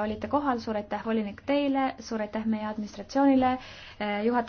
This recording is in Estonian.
olite kohal, suur aitäh volinik teile, suur aitäh meie administratsioonile, eh, juhatajale.